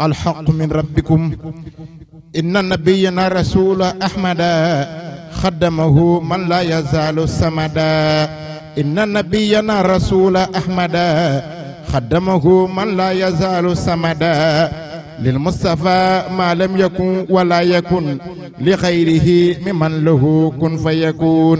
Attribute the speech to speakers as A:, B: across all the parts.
A: الحق من ربكم إن نبينا رسول أحمد خدمه من لا يزال سمدا إن نبينا رسول أحمد خدمه من لا يزال سمدا للمصطفى ما لم يكن ولا يكن لغيره ممن له كن فيكون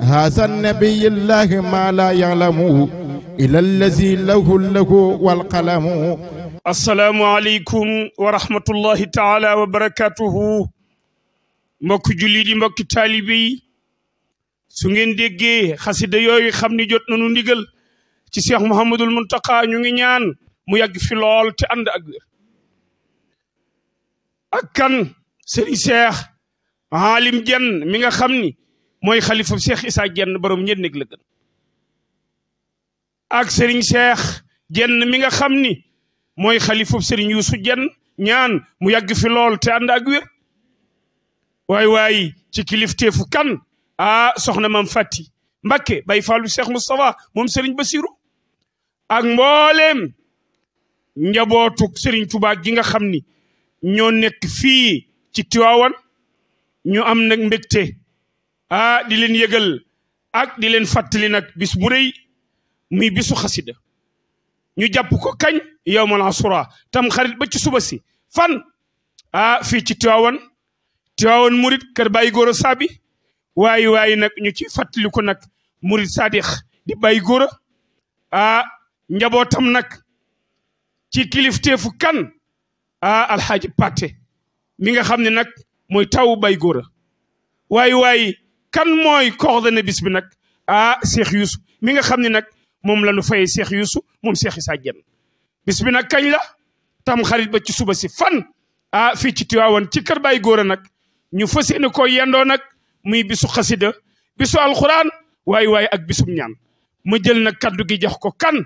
A: هذا النبي الله ما لا
B: يعلم إلى الذي له له والقلم asalaamualeykum wa rahmatullahi taala wa barakatuhu mbokki julli di mbokki taalibe yi su ngeen déggee xasida yooyu xam ni jot nañu ndigal ci cheikh mouhamadul muntaka ñu ngi ñaan mu yàgg fi lool te ànd ak wér ak kan sëriñ cheikh haalim jenn mi nga xam ni mooy xalifa cheikh isa jenn borom ñen nekk la gën ak sëriñ cheikh jenn mi nga xam ni mooy xalifab sëriñ Yuusu Jenn ñaan mu yàgg fi lool te ànd ak waay waay ci kilifteefu kan ah soxna mam fàtti Mbakke bay faalu Cheikh Moustapha moom sëriñ Basiru ak mboolem njabootu sëriñ Tuubaa gi nga xam ni ñoo nekk fii ci Tiwaawan ñu am nag mbégte ah di leen yëgal ak di leen fàttali nag bis bisu xasida ñu jàpp ko kañ يوم العصرة تم خريط بيتي سوبسي فان آه في تي تيوان تيوان مريد كرباي غورو سابي واي واي نك ني تي فاتليكو نك مريد صادق دي باي غورو آه نجابوتم نك تي كليفتي فو كان آه الحاج باتي ميغا خامني نك موي تاو باي غورو واي واي كان موي كوردوني بيس بي نك آه شيخ يوسف ميغا خامني نك موم لا نو فاي شيخ يوسف موم شيخ ساجن bis bi nag la tam xarit ba ci suba ci fan a fi ci tiwawon ci kër bay Góora nak ñu fassene ko yendo nak muy bisu khasida bisu alquran way way ak bisum ñaan ma jël nak kaddu gi jox ko kan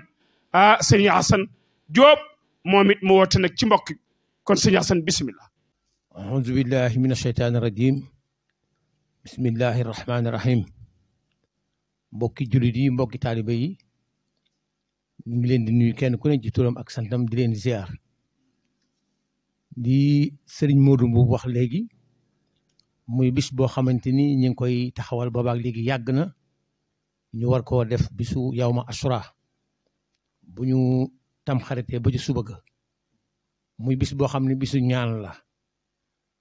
B: a seigne hassan job momit mu woote nak ci mbokk kon seigne hassan bismillah
C: أعوذ بالله من الشيطان الرجيم بسم الله الرحمن الرحيم mbokki jullit yi mbokki taaliba ñu ngi leen di nuyu kenn ku ne ci turam ak santam di leen ziar di Serigne Modou bu wax léegi muy bis boo xamante ni ñu ngi koy taxawal boobaak léegi yàgg na ñu war koo def bisu yawma asura bu ñu tam xaritee ba ci suba muy bis boo xam ne bisu ñaan la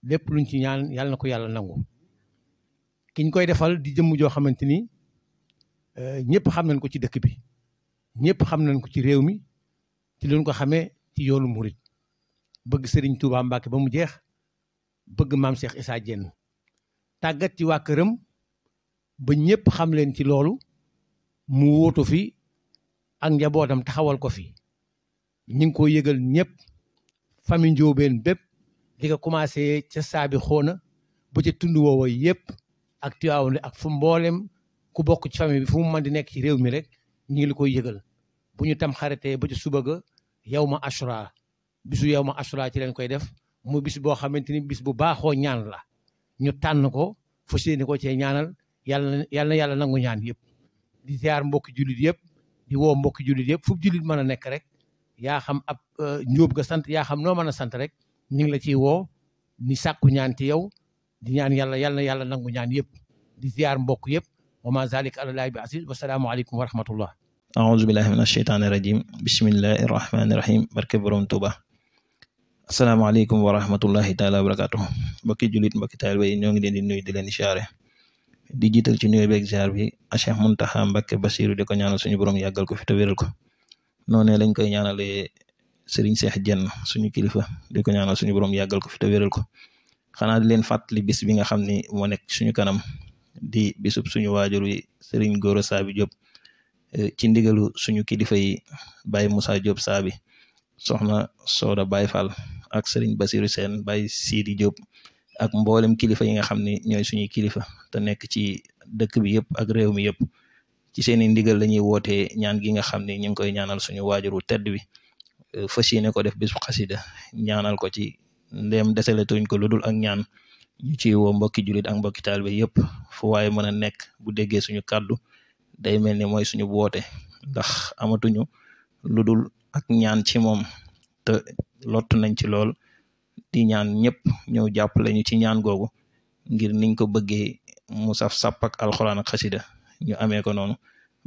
C: lépp luñ ci ñaan yàlla na ko yàlla nangu kiñ koy defal di jëmm joo xamante ni eh, ñëpp xam nañ ko ci dëkk bi. ñëpp xam nañ ko ci réew mi ci luñ ko xamee ci yoonu murit bëgg sëriñ Touba Mbacke ba mu jeex bëgg maam Cheikh Issa Diène tàggat ci waa këram ba ñëpp xam leen ci loolu mu wóotu fi ak njabootam taxawal ko fi ñu ngi ko yëgal ñëpp famille Ndiobène bépp li ko commencé ca saabi xoona ba ca tund woowa yëpp ak Tiwaawan ak fu mbooleem ku bokk ci famille bi fu mu mën di nekk ci réew mi rek ñu ngi la koy yëgal bu ñu tam xaritee ba ci suba ga yow ma asura bisu yow ma asura ci lañ koy def mu bis boo xamante ni bis bu baaxoo ñaan la ñu tànn ko fas yéene ko cee ñaanal yàlla na yàlla na yàlla nangu ñaan yëpp di ziar mbokki jullit yëpp di mbokki jullit yëpp fu jullit mën a nekk rek yaa xam ab euh, njóob ga sant yaa xam noo mën a sant rek ñu ngi la ciy woo ni sàkku ñaan yow di ñaan yàlla yàlla yàlla nangu ñaan yëpp di ziar mbokk yëpp wa ma zalik alalahi bi asis wasalaamualeykum wa rahmatullah
D: ahousubillahi min asheytaani irajim bismillahi irrahmaaniirahim barke borom tuba asalaamaaleykum wa rahmatullahi taala wa barakatuh mbokki julit mbokki taalibe yi ñoo ngi leen di nuyu di leen siyaare di jiital ci nuyu beeg ziar bi a Cheikh Muntaxa Mbàkke Basiru di ko ñaanal suñu borom yàggal ko fi te ko noonu lañ koy ñaanalee Sëriñ Seex Jenn suñu kilifa di suñu borom yàggal ko fi te ko xanaa leen fàttali bis bi nga xam ni moo nekk suñu kanam di bisub suñu waajur wi Sëriñ Góora Saabi Jóob Eh, ci ndigalu suñu kilifa yi Baye Moussa Diop Saabi soxna Soda Baye Fall ak Serigne Basiru Seen Baye Sidi Diop ak mboolem kilifa yi nga xam ne ñooy suñuy kilifa te nekk ci dëkk bi yëpp ak réew mi yëpp ci seen i ndigal la ñuy wootee ñaan gi nga xam ne ñu ngi koy ñaanal suñu waajuru tedd bi eh, fas yéene ko def bis bu ñaanal ko ci ndéem desale tuñ ko ludul ak ñaan ci woo mbokki jullit ak mbokki taalibe yëpp fu waaye mën a nekk bu déggee suñu kàddu day mel ni mooy suñu woote ndax amatuñu lu dul ak ñaan ci moom te lott nañ ci lool di ñaan ñëpp ñëw jàppale ñu ci ñaan googu ngir niñ ko bëggee mu saf sapak ak alxuraan ak xasida ñu amee ko noonu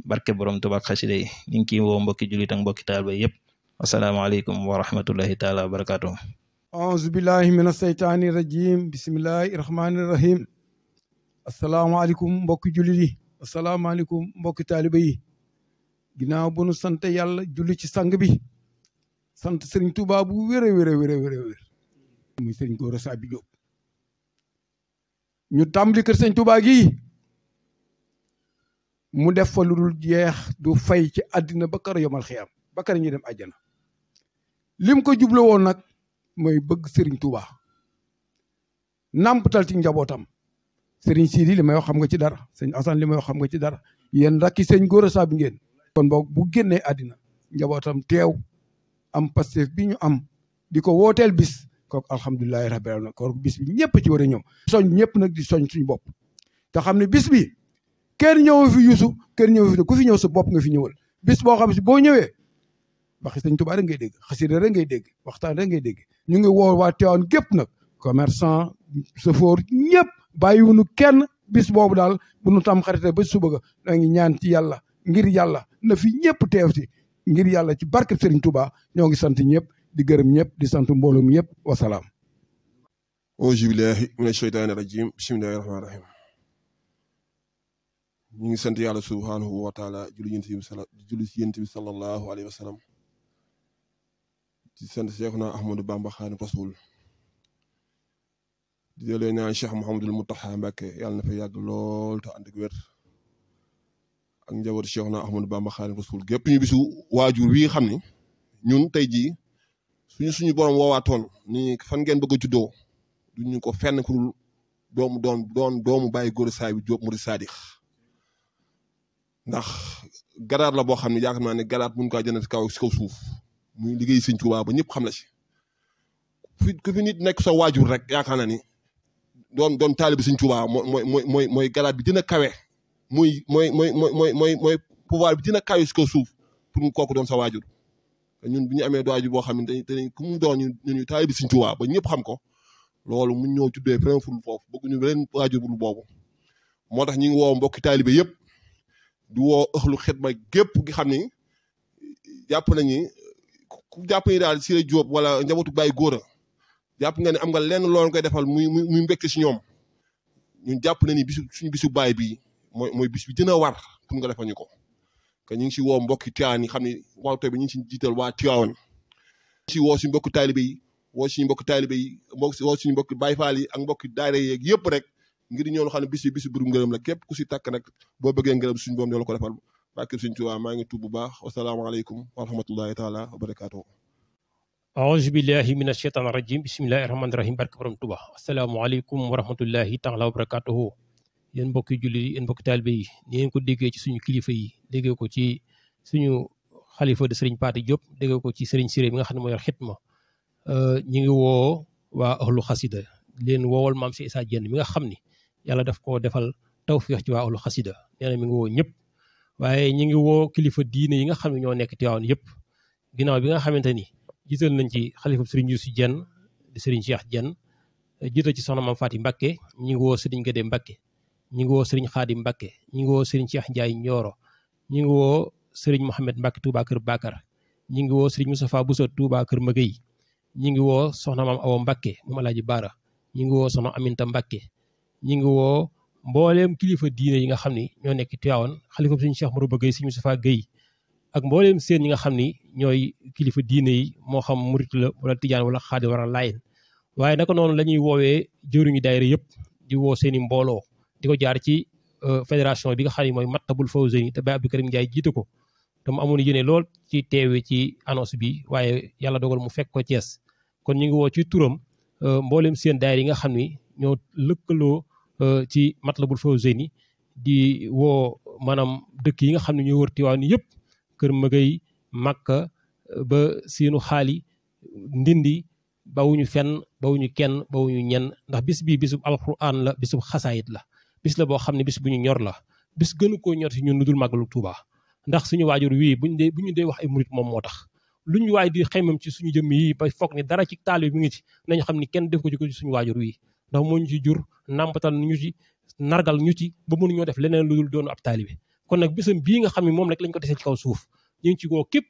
D: barke borom Tuubaa ak xasida yi ñu ngi ciy woo mbokki jullit ak mbokki taalibe yëpp asalaamaaleykum wa rahmatullahi taala wa barakaatuhu
A: auzu billahi mina mbokki jullit asalaamaaleykum mbokki taaliba yi ginnaaw bu nu sant yàlla julli ci sang bi sant sëriñ Touba bu wér a wér a wér muy sëriñ Gora Sabi Diop ñu tàmbali kër sëriñ Touba gii mu def fa lu dul jeex du fay ci àddina ba kër yomal xiyam ba kër ñu dem àjjana lim ko jublu woon nag mooy bëgg sëriñ Touba nàmpatal ci njabootam sëriñ Sidi li may xam nga ci dara sëñ Assane li may wax xam nga ci dara yéen rakki sëñ Gora Samb ngeen. kon boog bu génnee àddina njabootam teew am Pastef bi ñu am di ko wooteel bis kooku alhamdulilahi rabbil alamin kooku bis bi ñëpp ci war a ñëw. soñ ñëpp nag di soñ suñu bopp te xam ne bis bi kenn ñëw fi yusu kenn ñëw fi ku fi ñëw sa bopp nga fi ñëwal bis boo xam si boo ñëwee. waxi sëñ Tuubaa rek ngay dégg xasida rek ngay dégg waxtaan rek ngay dégg ñu ngi woo waa Tiwaawan gépp nag commerçant foor ñëpp bàyyiwunu kenn bis boobu daal bu nu tam ba suba ga da ngi ñaan ci yàlla ngir yàlla na fi ñëpp teew ngir yàlla ci barke Serigne Touba ñoo ngi sant ñëpp di gërëm ñëpp di sant mboolum yëpp wasalaam
E: auzu billahi mina sheytaani rajim bismillahi rahmaani rahim ñu ngi sant yàlla subhaanahu wa taala julli yent bi sala julli si yent bi sallallahu alayhi wa sallam Ahmadu Bamba Xaadimu Rasuul di jëlee ñaan Cheikh Mouhamadul Mountakha Mbacké yàlla na fa yàgg lool te ànd ak wér ak njaboot Cheikh na Ahmadou Bamba Xaadimu Rasuul gépp ñu bisu waajur wi xam ne ñun tey jii suñu suñu borom woowaatoon ni fan ngeen bëgg doo juddoo ñu ko fenn ku dul doomu bay doon doomu bàyyi góor saay bi ndax garaat la boo xam ne yaakaar naa ne garaat mun kaa jënd si kaw si suuf muy liggéey Sëñ Tuubaa ba ñëpp xam na si fi ku fi nit nekk sa waajur rek yaakaar naa ni doon doon taalibi Sëñ Tuubaa mooy mooy mooy mooy garaat bi dina kawe muy mooy mooy mooy mooy mooy pouvoir bi dina kawe si ko suuf pour mu kooku doon sa waajur ñun bu ñu amee waajur boo xam ni dañuy dañuy ku mu doon ñu ñu taalibi Sëñ Tuubaa ba ñëpp xam ko loolu mu ñëw tuddee feneen ful foofu bëgguñu beneen waajur bul boobu moo tax ñu ngi woo mbokki taalibe yëpp di woo ëxlu xidma gépp gi xam ni jàpp nañu ku jàpp ni daal Siré Diop wala njabootu Baye Góora japp nga ni am nga lenn lool koy defal muy muy mbekk ci ñom ñun na ni bisu suñu bisu bay bi moy moy bisu bi dina war pour nga defal ñuko ko. ñing ci wo mbokk tiani xamni Tiwaawan yi bi ñing ci si wa tiawon ci wo woo suñu mbokki taalibe yi woo suñu mbokk taalibe yi mbokk wo suñu mbokk bay Faal yi ak daara yi ak yépp rek ngir ñoo xamni bisu bisu burum ngeerum la kep ku ci tak nak bo bëggee ngeerum suñu bom ñoo la ko defal bàkkib suñu Tuubaa ma ngi tuub bu baax alaykum wa rahmatullahi taala wa barakatuh
F: A'udzu billahi minasyaitonir rajim. Bismillahirrahmanirrahim. Barka borom Tuba. Asalaamaaleykum wa rahmatullahi ta'ala wabarakatuh. Yen mbok julli yi, mbok mbokki yi, ni ngeen ko déggee ci suñu kilifa yi, déggee ko ci suñu khalifa de Serigne pati Diop, déggee ko ci Serigne sire bi nga mo yor khitma euh ñi ngi wo wa ahlu khasida len wowal mam si isa jenn mi nga xamni yalla daf ko defal tawfiq ci wa ahlu khasida neena mi ngi wo ñep waaye ñi ngi wo kilifa diine yi nga xamni ño nek nekk Tiwaawan yëpp ginaaw bi nga xamanteni jiital nañ ci xalifab sëriñ Youssou Dieng di sëriñ Cheikh jenn jiital ci soxna Mame Faty Mbacké ñi ngi woo sëriñ Gédé Mbacké ñi ngi woo sëriñ Khadim Mbacké ñi ngi woo sëriñ Cheikh Ndiaye Nioro ñi ngi woo sëriñ Mouhamed Mbacké Touba Kër Bakar ñi ngi woo sëriñ Moustapha Bousso tuuba Kër Mëgëy ñi ngi woo soxna Mame Awa Mbacké moom Alaaji Baara ñi ngi woo soxna Aminta mbakke ñi ngi woo mbooleem kilifa diine yi nga xam ni ñoo nekk Tiwaawan xalifa sëriñ Cheikh Mourou Gueye sëriñ Moustapha Gueye ak mbooleem seen ñi nga xam ni ñooy kilifa diine yi moo xam murit la wala tijaan wala xaadi waral laayin waaye naka noonu la ñuy woowee jëwriñu daayira yëpp di woo seen mbooloo di ko jaar ci euh, fédération bi nga xam ne mooy Matlaboul Fawzeyni te Baye Abdou Karim Ndiaye jiite ko te mu amoon lool ci teewe ci annonce bi waaye yàlla dogal mu fekk ko Thiès kon ñu ngi woo ci turam euh, mbooleem seen daayira yi nga xam ni ñoo lëkkaloo euh, ci Matlaboul Fawzeyni di woo maanaam dëkk yi nga xam ne ñoo wër Tiwaawan yëpp kër mëgëy Makka eh, ba siinu xaali ndindi bawuñu fenn bawuñu kenn bawuñu ñenn ndax bis bii bisub alquran la bisub xasaayit la bis la boo xam ne bis bu ñu ñor la bis gënu koo ñor si ñun lu dul lu Tuuba ndax suñu waajur wii buñ dee buñu dee wax ay murit moom moo tax lu ñu luñu waay di xaymam ci suñu jëmm yi ba foog ni dara ci taali bi ngi ci nañu xam ni kenn def ko ci ko ci waajur wii ndax moo ñu ci jur nàmpatal ñu ci nargal ñu ci ba mënuñoo def leneen lu dul doonu ab taalibe kon nag bésam nga xam ne moom rek lañ ko desee ci kaw suuf ñu ngi ci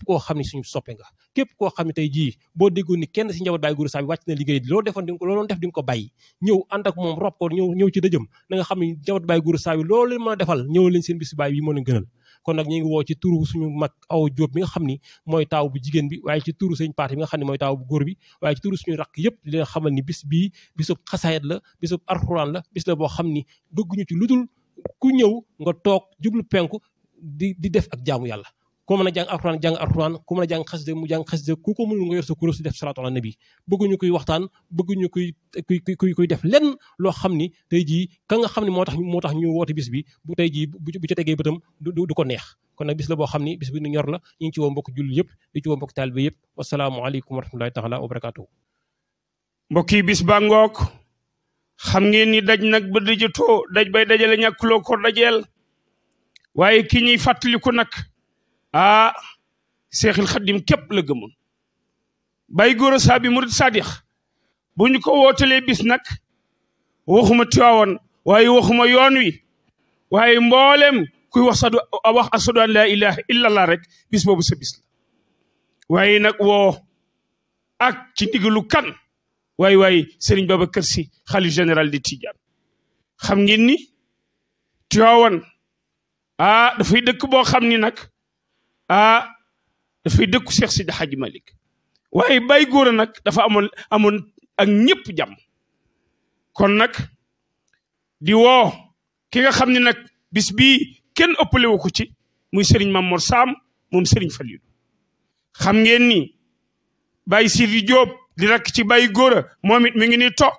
F: koo xam ne suñu soppe nga képp koo xam ne tey jii boo déggoon ni kenn si njaboot Baye Gora Sarr na liggéey loo defoon di nga ko loo doon ko bàyyi ñëw ànd ak moom ñëw ñëw ci dëjëm na xam ne njaboot Baye Gora Sarr bi loolu defal ñëw leen seen bisu Baye bi moo leen gënal kon nag ñu ngi woo ci turu suñu mag aw jóob bi nga xam ni mooy taaw bu jigéen bi waaye ci turu sëñ parti bi nga xam ne mooy taaw bu góor bi waaye ci turu suñu rakk yëpp di leen xamal ni bis bii bisub xasaayat la bisub arxuraan la bis la boo xam ni dugg ci lu dul ku ñëw nga toog jublu penku di di def ak jaamu yàlla ku mën a jàng alxuraan jàng alxuraan ku mën a jàng xasida mu jàng ku ko mënul nga yor sa kuréel si def salaatu ala nabi bëgguñu kuy waxtaan bëgguñu kuy kuy kuy kuy def lenn loo xam ni tey jii ka nga xam ne moo tax moo tax ñu woote bis bi bu tey jii bu ca tegee bëtam du ko neex kon nag bis la boo xam ni bis bi nu ñor la ñu ngi ci woo mbokk jullit yëpp di ci woo mbokk taalibe yëpp wasalaamualeykum wa rahmatulahi taala wa barakaatu.
B: mbokk yi bis ba xam ngeen ni daj nag ba dajatoo daj bay dajale ñak lo ko dajel waye ki ñi fàttaliku nak ah cheikhul khadim kep la gëmoon bay goro sa bi mourid sadiq buñ ko wotale bis nak waxuma tiwaawoon waye waxuma yoon wi waye mbollem kuy wax sadu wax asadu an laa ilaha allah rek bis bobu sa bis la waaye nag woo ak ci ndigalu kan waay waay Serigne Babacar Sy xali général di Tidiane xam ngeen ni Tiwaawan ah dafay dëkk boo xam ni nag ah dafay dëkku Cheikh Sidi Hadj Malick waaye bay góor a nag dafa amoon amoon ak ñëpp jàmm kon nag di woo ki nga xam ne nag bis bii kenn ëppale ko ci muy Serigne Mamour Sam moom Serigne ngeen ni Baye Sidi Diop di rakk ci bàyyi góor a moom it mi ngi nii toog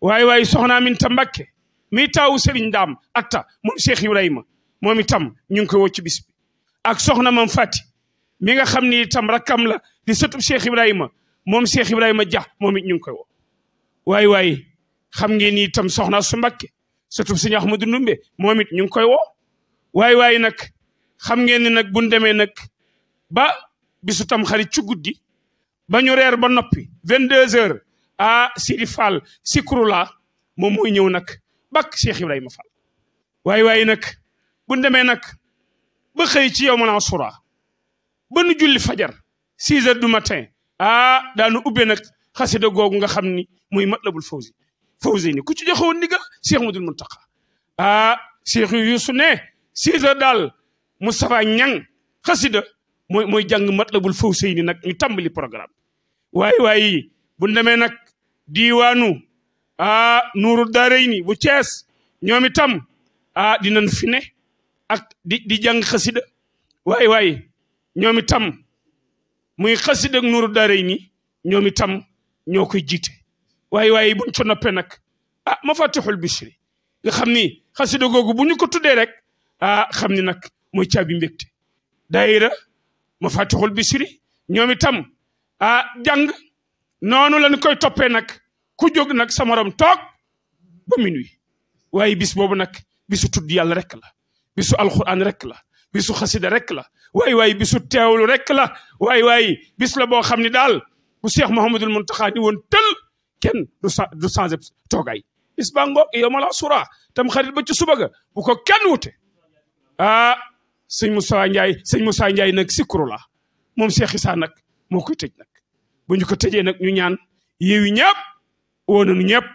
B: waaye waaye soxna Aminta Mbakke mi taawu Serigne Daam Atta moom Cheikh Ibrahima moom itam ñu ngi koy woo ci bis ak soxna Mam Fati mi nga xam ni itam rakkam la di sëtub Cheikh Ibrahima moom Cheikh Ibrahima Dia moom it ñu ngi koy woo waaye waaye xam ngeen ni itam soxna su Mbakke sëtub Serigne Ahmadou Ndumbe moom ñu ngi koy woo waaye waaye nag xam ngeen ni nag buñ demee nag ba bisu tam xarit ci guddi ba ñu reer ba noppi vingt deux heures ah Sidi Fall la moom mooy ñëw nag bak Cheikh Ibrahima Fall waaye waaye nag bu ñu demee nag ba xëy ci yow mën a sura ba julli fajar six heures du matin ah daanu ubbee nag xasida googu nga xam ni muy matlabul fawzi fawzi ni ku ci joxewoon ndigal Cheikh Mudul Muntaqa ah Cheikh Youssou ne six heures daal Moustapha Ñang xasida mooy mooy jàng matlabul fawsayni nag ñu tàmbali programme waaye waay bu demee nag diiwaanu ah nuuru daarayni bu Cees ñoom itam ah dinañ fi ne ak di di jàng xasida waaye waaye ñoom itam muy xasida ak nuuru daarayni ñoom tam ñoo koy jiite waaye waaye buñ ca noppee nag ma mafatixul bichri nga xam ni xasida googu bu ñu ko tuddee rek ah xam ni nag mooy caabi mbégte daayira mafatixul bisiri ñoom itam ah jàng noonu lañ koy toppee nag ku jóg nag sa morom toog ba minuit waaye bis boobu nag bisu tudd yàlla rek la bisu alquran rek la bisu xasida rek la waaye bisu teewlu rek la waaye waaye bis la boo xam ne daal bu Cheikh Mouhamadul Muntaxa ni woon tël kenn du sa du bis baa ngoog yow tam xarit ba ci bu ko kenn wute ah sëñ Moustapha Ndiaye sëñ Moustapha Ndiaye nag sikru la moom Cheikh Issa nag moo koy tëj nag bu ñu ko tëjee nag ñu ñaan yeewi ñëpp woo nañu ñëpp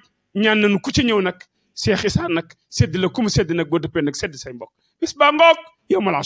B: ñaan nañu ku ci ñëw nag Cheikh Issa nag sedd la ku mu sedd nag boo dëppee nag sedd say mbokk bis ba ngoog yow ma